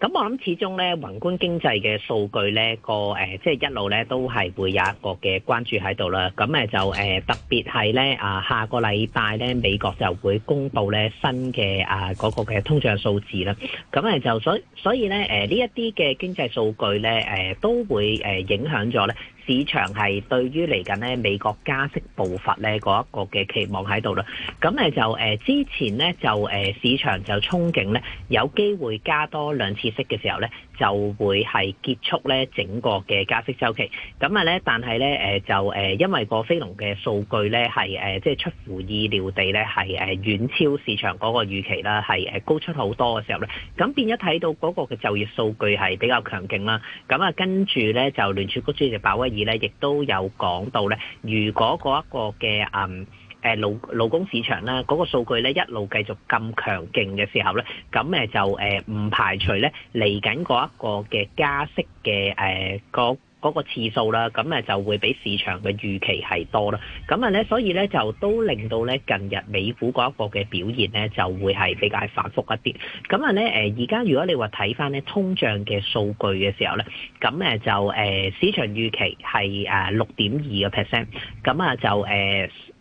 咁我諗始終咧，宏觀經濟嘅數據咧個誒、呃，即係一路咧都係會有一個嘅關注喺度啦。咁誒就誒、呃、特別係咧啊，下個禮拜咧美國就會公布咧新嘅啊嗰個嘅通脹數字啦。咁誒就所所以咧誒呢一啲嘅經濟數據咧誒、呃、都會誒影響咗咧。市場係對於嚟緊咧美國加息步伐咧嗰一個嘅期望喺度啦，咁誒，就誒之前咧就誒市場就憧憬咧有機會加多兩次息嘅時候咧。就會係結束咧整個嘅加息周期，咁啊咧，但係咧誒就誒因為個非農嘅數據咧係誒即係出乎意料地咧係誒遠超市場嗰個預期啦，係誒高出好多嘅時候咧，咁變咗睇到嗰個嘅就業數據係比較強勁啦，咁啊跟住咧就聯儲局主席鮑威爾咧亦都有講到咧，如果嗰一個嘅嗯。誒勞勞工市場啦，嗰個數據咧一路繼續咁強勁嘅時候咧，咁誒就誒唔排除咧嚟緊嗰一個嘅加息嘅誒個嗰個次數啦，咁誒就會比市場嘅預期係多啦。咁啊咧，所以咧就都令到咧近日美股嗰一個嘅表現咧就會係比較係反覆一啲。咁啊咧誒，而家如果你話睇翻咧通脹嘅數據嘅時候咧，咁誒就誒市場預期係誒六點二個 percent，咁啊就誒。呃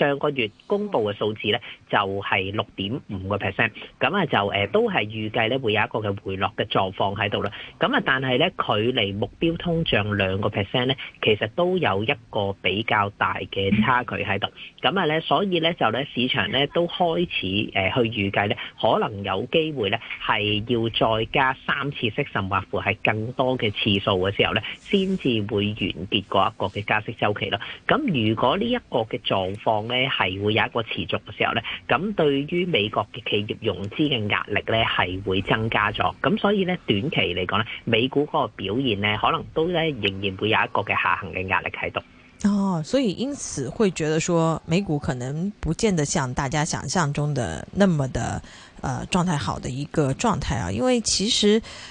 上個月公布嘅數字咧，就係六點五個 percent，咁啊就誒都係預計咧會有一個嘅回落嘅狀況喺度啦。咁啊，但係咧距離目標通脹兩個 percent 咧，其實都有一個比較大嘅差距喺度。咁啊咧，所以咧就咧市場咧都開始誒去預計咧，可能有機會咧係要再加三次息，甚或乎係更多嘅次數嘅時候咧，先至會完結嗰一個嘅加息週期咯。咁如果呢一個嘅狀況，咧係會有一個持續嘅時候咧，咁對於美國嘅企業融資嘅壓力咧係會增加咗，咁所以咧短期嚟講咧，美股嗰個表現咧可能都咧仍然會有一個嘅下行嘅壓力喺度。哦，所以因此會覺得說，美股可能不見得像大家想象中的那麼的，呃，狀態好的一個狀態啊，因為其實。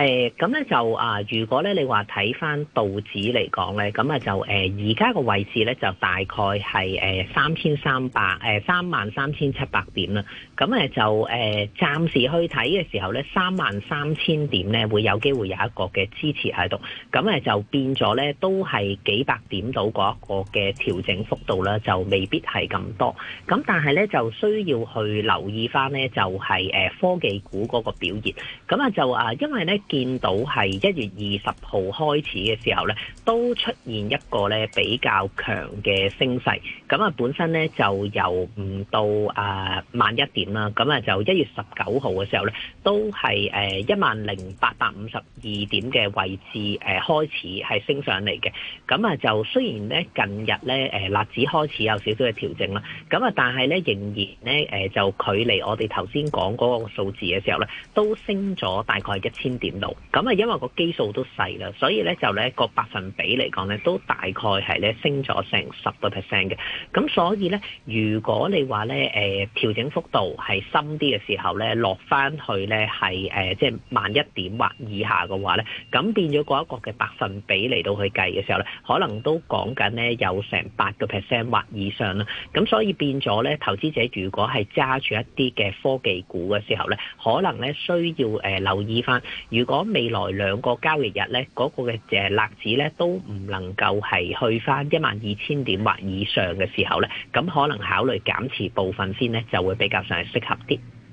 誒咁咧就啊，如果咧你話睇翻道指嚟講咧，咁啊就誒而家個位置咧就大概係誒三千三百誒三萬三千七百點啦。咁誒就誒暫時去睇嘅時候咧，三萬三千點咧會有機會有一個嘅支持喺度。咁誒就變咗咧，都係幾百點到嗰一個嘅調整幅度啦，就未必係咁多。咁但係咧就需要去留意翻咧，就係誒科技股嗰個表現。咁啊就啊，因為咧。見到係一月二十號開始嘅時候呢，都出現一個呢，比較強嘅升勢。咁啊，本身呢就由唔到啊萬一點啦。咁啊，就一月十九號嘅時候呢，都係誒一萬零八百五十二點嘅位置誒開始係升上嚟嘅。咁啊，就雖然呢近日呢，誒納指開始有少少嘅調整啦。咁啊，但係呢，仍然呢，誒就距離我哋頭先講嗰個數字嘅時候呢，都升咗大概一千點。咁啊，因為個基數都細啦，所以咧就咧個百分比嚟講咧，都大概係咧升咗成十個 percent 嘅。咁所以咧，如果你話咧調整幅度係深啲嘅時候咧，落翻去咧係誒即係萬一點或以下嘅話咧，咁變咗嗰一個嘅百分比嚟到去計嘅時候咧，可能都講緊咧有成八個 percent 或以上啦。咁所以變咗咧，投資者如果係揸住一啲嘅科技股嘅時候咧，可能咧需要誒留意翻，如如果未來兩個交易日咧，嗰、那個嘅誒納指咧都唔能夠係去返一萬二千點或以上嘅時候咧，咁可能考慮減持部分先咧，就會比較上係適合啲。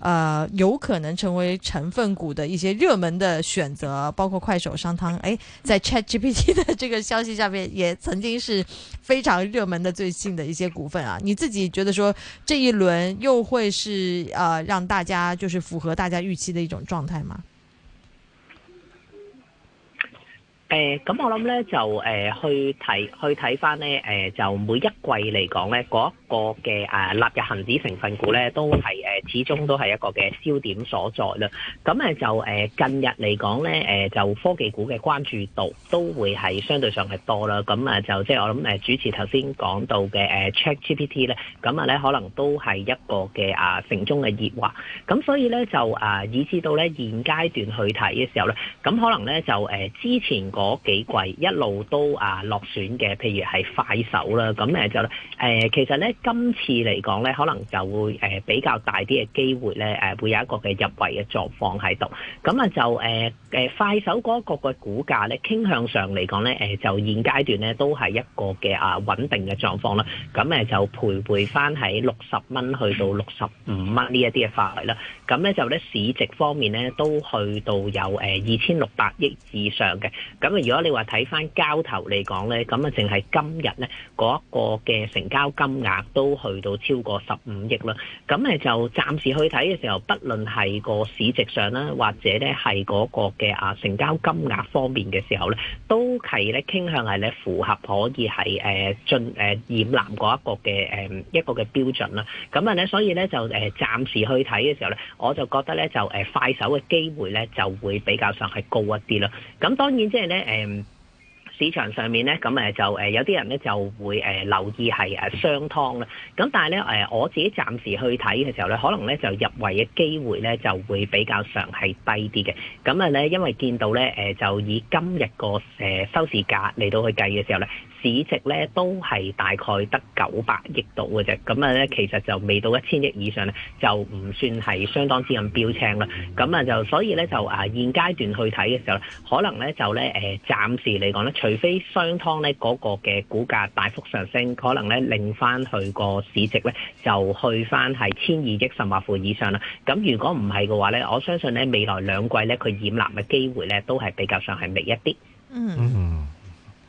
呃，有可能成為成分股的一些熱門的選擇，包括快手、商湯。哎，在 Chat GPT 的這個消息下面，也曾經是非常熱門的最新的一些股份啊。你自己覺得說這一輪又會是呃讓大家就是符合大家預期的一種狀態嗎？誒、呃，咁、嗯、我諗咧就誒去睇去睇翻呢。誒就，呃呃、就每一季嚟講咧，嗰、那、一個嘅誒納入恒指成分股咧都係。呃始終都係一個嘅焦點所在啦。咁啊就誒近日嚟講咧，誒就科技股嘅關注度都會係相對上係多啦。咁啊就即係我諗誒主持頭先講到嘅誒 ChatGPT 咧，咁啊咧可能都係一個嘅啊城中嘅熱話。咁所以咧就啊以至到咧現階段去睇嘅時候咧，咁可能咧就誒之前嗰幾季一路都啊落選嘅，譬如係快手啦。咁啊就誒、呃、其實咧今次嚟講咧，可能就會誒比較大。啲嘅機會咧，誒會有一個嘅入圍嘅狀況喺度，咁啊就誒誒快手嗰個嘅股價咧，傾向上嚟講咧，誒就現階段咧都係一個嘅啊穩定嘅狀況啦，咁誒就徘徊翻喺六十蚊去到六十五蚊呢一啲嘅範圍啦，咁咧就咧市值方面咧都去到有誒二千六百億以上嘅，咁啊如果你話睇翻交投嚟講咧，咁啊淨係今日咧嗰一個嘅成交金額都去到超過十五億啦，咁咧就。暫時去睇嘅時候，不論係個市值上啦，或者咧係嗰個嘅啊成交金額方面嘅時候咧，都係咧傾向係咧符合可以係誒進誒染藍嗰一個嘅誒一個嘅標準啦。咁啊咧，所以咧就暫時去睇嘅時候咧，我就覺得咧就快手嘅機會咧就會比較上係高一啲啦。咁當然即係咧市場上面咧，咁誒就誒有啲人咧就會誒留意係誒商湯啦。咁但係咧誒我自己暫時去睇嘅時候咧，可能咧就入圍嘅機會咧就會比較上係低啲嘅。咁啊咧，因為見到咧誒就以今日個誒收市價嚟到去計嘅時候咧，市值咧都係大概得九百億到嘅啫。咁啊咧，其實就未到一千億以上咧，就唔算係相當之咁標青啦。咁啊就所以咧就啊現階段去睇嘅時候，可能咧就咧誒暫時嚟講咧除非商湯咧嗰個嘅股價大幅上升，可能咧令翻佢個市值咧就去翻係千二億甚至乎以上啦。咁如果唔係嘅話咧，我相信咧未來兩季咧佢染藍嘅機會咧都係比較上係微一啲。嗯、mm-hmm。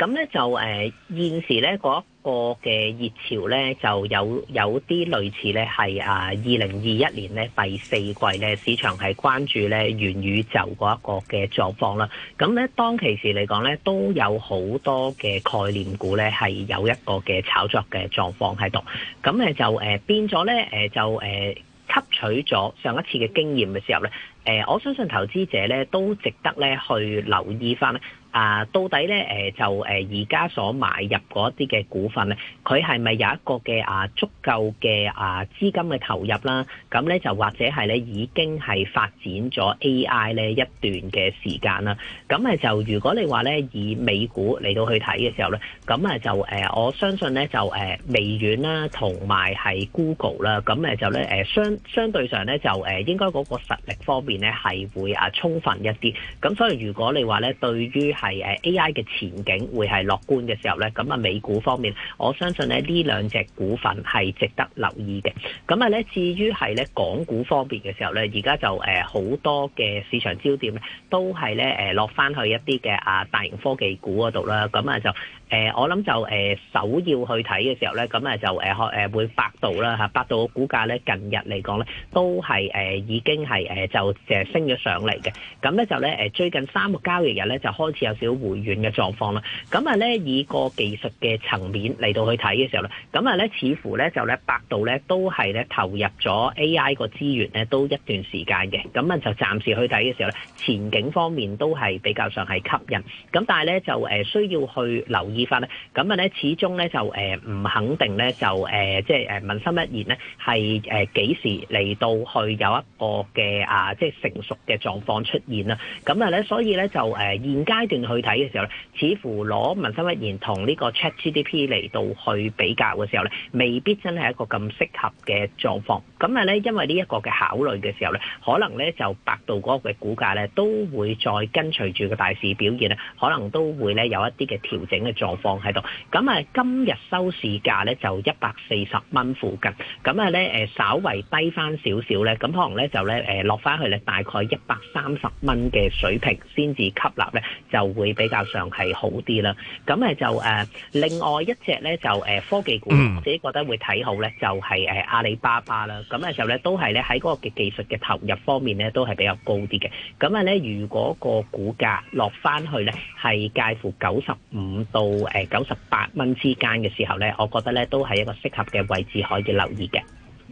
咁咧就誒、呃、現時咧，嗰一個嘅熱潮咧，就有有啲類似咧係啊二零二一年咧第四季咧市場係關注咧元宇宙嗰一個嘅狀況啦。咁咧當其時嚟講咧，都有好多嘅概念股咧係有一個嘅炒作嘅狀況喺度。咁、呃、咧、呃、就誒變咗咧，就誒吸取咗上一次嘅經驗嘅時候咧誒、呃、我相信投資者咧都值得咧去留意返咧。啊，到底咧，誒就誒而家所買入嗰啲嘅股份咧，佢係咪有一個嘅啊足夠嘅啊資金嘅投入啦？咁咧就或者係咧已經係發展咗 AI 呢一段嘅時間啦。咁誒就如果你話咧以美股嚟到去睇嘅時候咧，咁誒就誒我相信咧就誒微軟啦，同埋係 Google 啦，咁誒就咧誒相相對上咧就誒應該嗰個實力方面咧係會啊充分一啲。咁所以如果你話咧對於係誒 AI 嘅前景會係樂觀嘅時候咧，咁啊美股方面，我相信咧呢兩隻股份係值得留意嘅。咁啊咧，至於係咧港股方面嘅時候咧，而家就誒好多嘅市場焦點咧，都係咧誒落翻去一啲嘅啊大型科技股嗰度啦。咁啊就誒我諗就誒首要去睇嘅時候咧，咁啊就誒學誒會百度啦嚇，百度嘅股價咧近日嚟講咧都係誒已經係誒就誒升咗上嚟嘅。咁咧就咧誒最近三個交易日咧就開始，有少少回軟嘅狀況啦，咁啊咧以個技術嘅層面嚟到去睇嘅時候咧，咁啊咧似乎咧就咧百度咧都係咧投入咗 AI 個資源咧都一段時間嘅，咁啊就暫時去睇嘅時候咧，前景方面都係比較上係吸引，咁但係咧就誒需要去留意翻咧，咁啊咧始終咧就誒唔肯定咧就誒、呃、即係誒文心一言咧係誒幾時嚟到去有一個嘅啊即係成熟嘅狀況出現啦，咁啊咧所以咧就誒現階段。去睇嘅時候咧，似乎攞文心一言同呢個 ChatGPT 嚟到去比較嘅時候咧，未必真係一個咁適合嘅狀況。咁啊咧，因為呢一個嘅考慮嘅時候咧，可能咧就百度嗰個嘅股價咧，都會再跟隨住個大市表現咧，可能都會咧有一啲嘅調整嘅狀況喺度。咁啊，今日收市價咧就一百四十蚊附近。咁啊咧，誒稍為低翻少少咧，咁可能咧就咧誒、呃、落翻去咧大概一百三十蚊嘅水平先至吸納咧就。會比較上係好啲啦，咁誒就誒、呃，另外一隻咧就誒、呃、科技股我自己覺得會睇好咧，就係、是、誒、呃、阿里巴巴啦。咁嘅時候咧，都係咧喺嗰個嘅技術嘅投入方面咧，都係比較高啲嘅。咁啊咧，如果個股價落翻去咧，係介乎九十五到誒九十八蚊之間嘅時候咧，我覺得咧都係一個適合嘅位置可以留意嘅。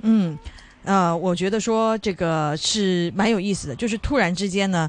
嗯，誒、呃，我覺得說這個是蠻有意思嘅，就是突然之間呢。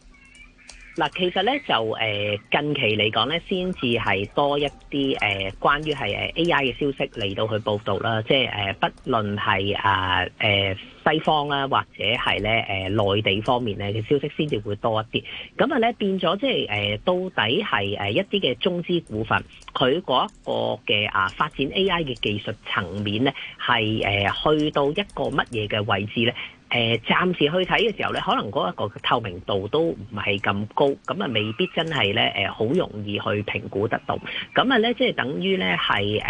嗱，其實咧就誒近期嚟講咧，先至係多一啲誒關於係誒 AI 嘅消息嚟到去報導啦，即係誒，不論係啊誒西方啦，或者係咧誒內地方面咧嘅消息，先至會多一啲。咁啊咧變咗，即係誒到底係誒一啲嘅中資股份，佢嗰一個嘅啊發展 AI 嘅技術層面咧，係誒去到一個乜嘢嘅位置咧？誒暫時去睇嘅時候咧，可能嗰一個透明度都唔係咁高，咁啊未必真係咧好容易去評估得到。咁啊咧，即係等於咧係誒誒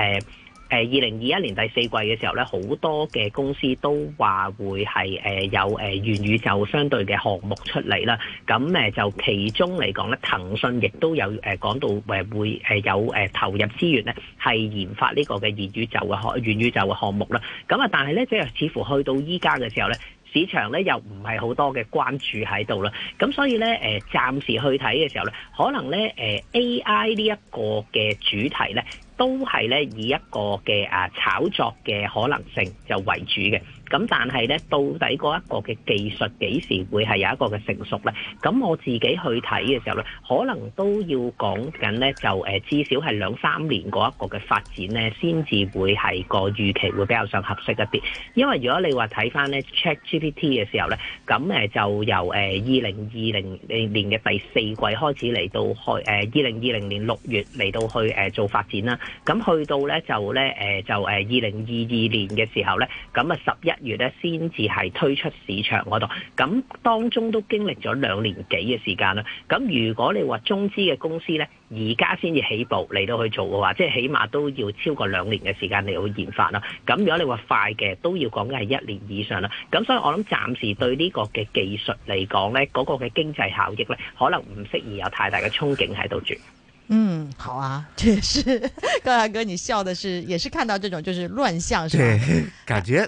二零二一年第四季嘅時候咧，好多嘅公司都話會係有誒元宇宙相對嘅項目出嚟啦。咁誒就其中嚟講咧，騰訊亦都有誒講到誒會有投入資源咧，係研發呢個嘅元宇宙嘅項元宇宙嘅項目啦。咁啊，但係咧，即係似乎去到依家嘅時候咧。市場咧又唔係好多嘅關注喺度啦，咁所以咧誒，暫時去睇嘅時候咧，可能咧誒 AI 呢一個嘅主題咧，都係咧以一個嘅誒炒作嘅可能性就為主嘅。咁但係咧，到底嗰一個嘅技術幾時會係有一個嘅成熟咧？咁我自己去睇嘅時候咧，可能都要講緊咧，就誒至少係兩三年嗰一個嘅發展咧，先至會係個預期會比較上合適一啲。因為如果你話睇返咧 ChatGPT 嘅時候咧，咁就由誒二零二零年嘅第四季開始嚟到去誒二零二零年六月嚟到去做發展啦。咁去到咧就咧誒就誒二零二二年嘅時候咧，咁啊十一，咧先至係推出市場嗰度，咁當中都經歷咗兩年幾嘅時間啦。咁如果你話中資嘅公司咧，而家先至起步嚟到去做嘅話，即係起碼都要超過兩年嘅時間嚟到研發啦。咁如果你話快嘅，都要講緊係一年以上啦。咁所以我諗暫時對呢個嘅技術嚟講咧，嗰、那個嘅經濟效益咧，可能唔適宜有太大嘅憧憬喺度住。嗯，好啊，確 實，高大哥你笑的是，也是看到這種就是亂象，是 感覺。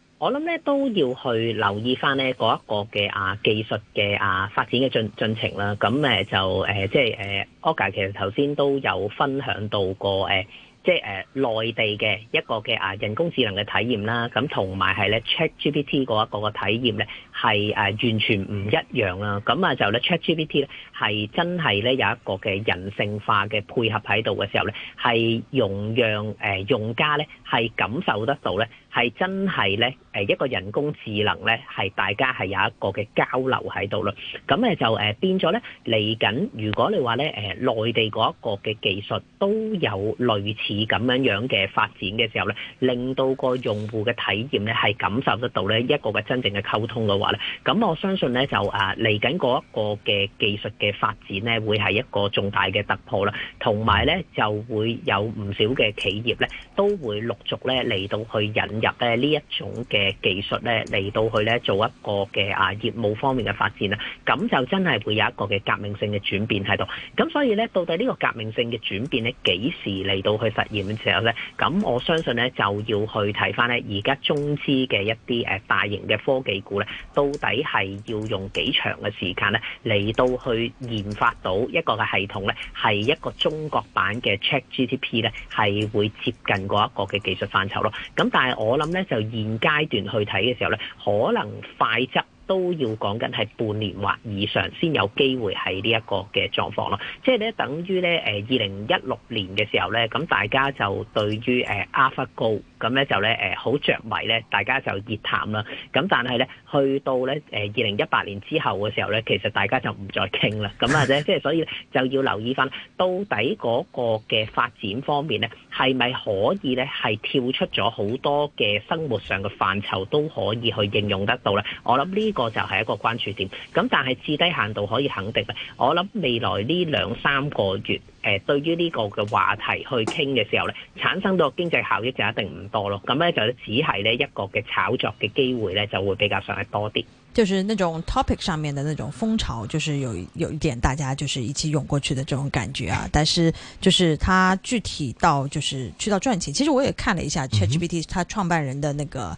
我諗咧都要去留意翻咧嗰一個嘅啊技術嘅啊發展嘅進進程啦。咁就即係誒 o g a r 其實頭先都有分享到過誒、呃，即係誒、呃、內地嘅一個嘅啊人工智能嘅體驗啦。咁同埋係咧 ChatGPT 嗰一個嘅體驗咧，係誒完全唔一樣啦。咁啊就咧 ChatGPT 咧係真係咧有一個嘅人性化嘅配合喺度嘅時候咧，係容讓誒、呃、用家咧係感受得到咧。係真係呢，誒一個人工智能呢，係大家係有一個嘅交流喺度啦。咁咧就誒變咗呢，嚟緊，如果你話呢誒內地嗰一個嘅技術都有類似咁樣樣嘅發展嘅時候呢，令到個用戶嘅體驗呢係感受得到呢一個嘅真正嘅溝通嘅話呢。咁我相信呢，就啊嚟緊嗰一個嘅技術嘅發展呢，會係一個重大嘅突破啦。同埋呢，就會有唔少嘅企業呢，都會陸續呢嚟到去引入呢一種嘅技術咧嚟到去咧做一個嘅啊業務方面嘅發展啦，咁就真係會有一個嘅革命性嘅轉變喺度。咁所以呢，到底呢個革命性嘅轉變咧幾時嚟到去實現嘅時候呢？咁我相信呢，就要去睇返咧而家中資嘅一啲誒大型嘅科技股咧，到底係要用幾長嘅時間咧嚟到去研發到一個嘅系統咧，係一個中國版嘅 ChatGPT 咧，係會接近嗰一個嘅技術範疇咯。咁但係我。我諗呢就現階段去睇嘅時候呢，可能快則，都要講緊係半年或以上先有機會係呢一個嘅狀況咯，即係咧等於咧誒二零一六年嘅時候咧，咁大家就對於誒 AlphaGo 咁咧就咧誒好着迷咧，大家就熱談啦。咁但係咧去到咧誒二零一八年之後嘅時候咧，其實大家就唔再傾啦。咁或者即係所以就要留意翻到底嗰個嘅發展方面咧，係咪可以咧係跳出咗好多嘅生活上嘅範疇都可以去應用得到咧？我諗呢、這個。個就係一個關注點，咁但係至低限度可以肯定咧，我諗未來呢兩三個月，誒對於呢個嘅話題去傾嘅時候咧，產生到經濟效益就一定唔多咯。咁咧就只係呢一個嘅炒作嘅機會咧，就會比較上係多啲。就是那種 topic 上面的那種風潮，就是有有一點大家就是一起湧過去的這種感覺啊。但是就是他具體到就是去到賺錢，其實我也看了一下 ChatGPT，他創辦人的那個。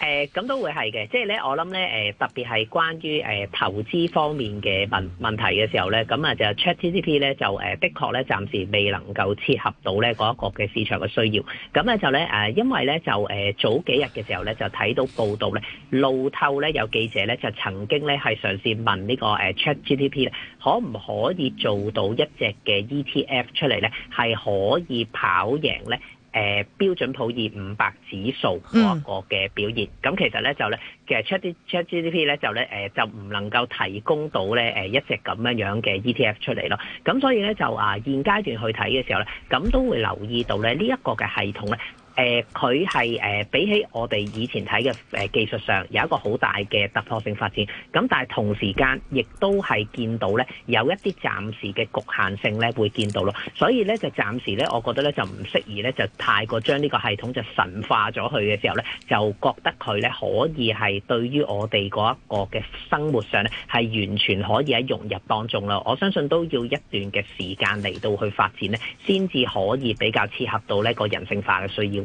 誒咁都會係嘅，即係咧我諗咧特別係關於誒、呃、投資方面嘅問問題嘅時候咧，咁啊就 ChatGPT 咧就的確咧暫時未能夠切合到咧嗰一個嘅市場嘅需要，咁咧就咧因為咧就、呃、早幾日嘅時候咧就睇到報道咧路透咧有記者咧就曾經咧係嘗試問個呢個 ChatGPT 咧可唔可以做到一隻嘅 ETF 出嚟咧係可以跑贏咧？誒、呃、標準普爾五百指數嗰個嘅表現，咁其實咧就咧，其實 check 啲 ChatGPT 咧就咧誒就唔能夠提供到咧誒一隻咁樣樣嘅 ETF 出嚟咯，咁所以咧就啊現階段去睇嘅時候咧，咁都會留意到咧呢一個嘅系統咧。誒佢係誒比起我哋以前睇嘅誒技術上有一個好大嘅突破性發展，咁但係同時間亦都係見到咧有一啲暫時嘅局限性咧會見到咯，所以咧就暫時咧我覺得咧就唔適宜咧就太過將呢個系統就神化咗佢嘅時候咧，就覺得佢咧可以係對於我哋嗰一個嘅生活上咧係完全可以喺融入當中啦。我相信都要一段嘅時間嚟到去發展咧，先至可以比較切合到呢個人性化嘅需要。